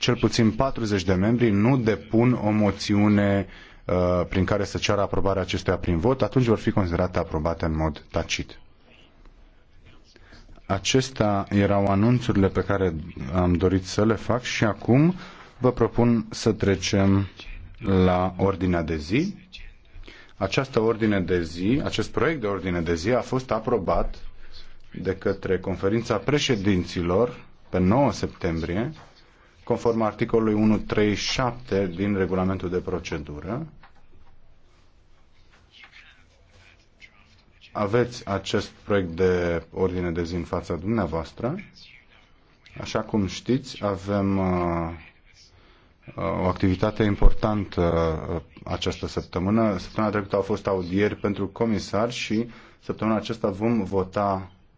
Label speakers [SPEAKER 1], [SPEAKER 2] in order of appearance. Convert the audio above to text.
[SPEAKER 1] cel puțin 40 de membri nu depun o moțiune uh, prin care să ceară aprobarea acestuia prin vot, atunci vor fi considerate aprobate în mod tacit. Acestea erau anunțurile pe care am dorit să le fac și acum vă propun să trecem la ordinea de zi. Această ordine de zi, acest proiect de ordine de zi a fost aprobat de către conferința președinților pe 9 septembrie conform articolului 137 din regulamentul de procedură. Aveți acest proiect de ordine de zi în fața dumneavoastră. Așa cum știți, avem uh, uh, o activitate importantă uh, această săptămână. Săptămâna trecută au fost audieri pentru comisar și săptămâna aceasta vom vota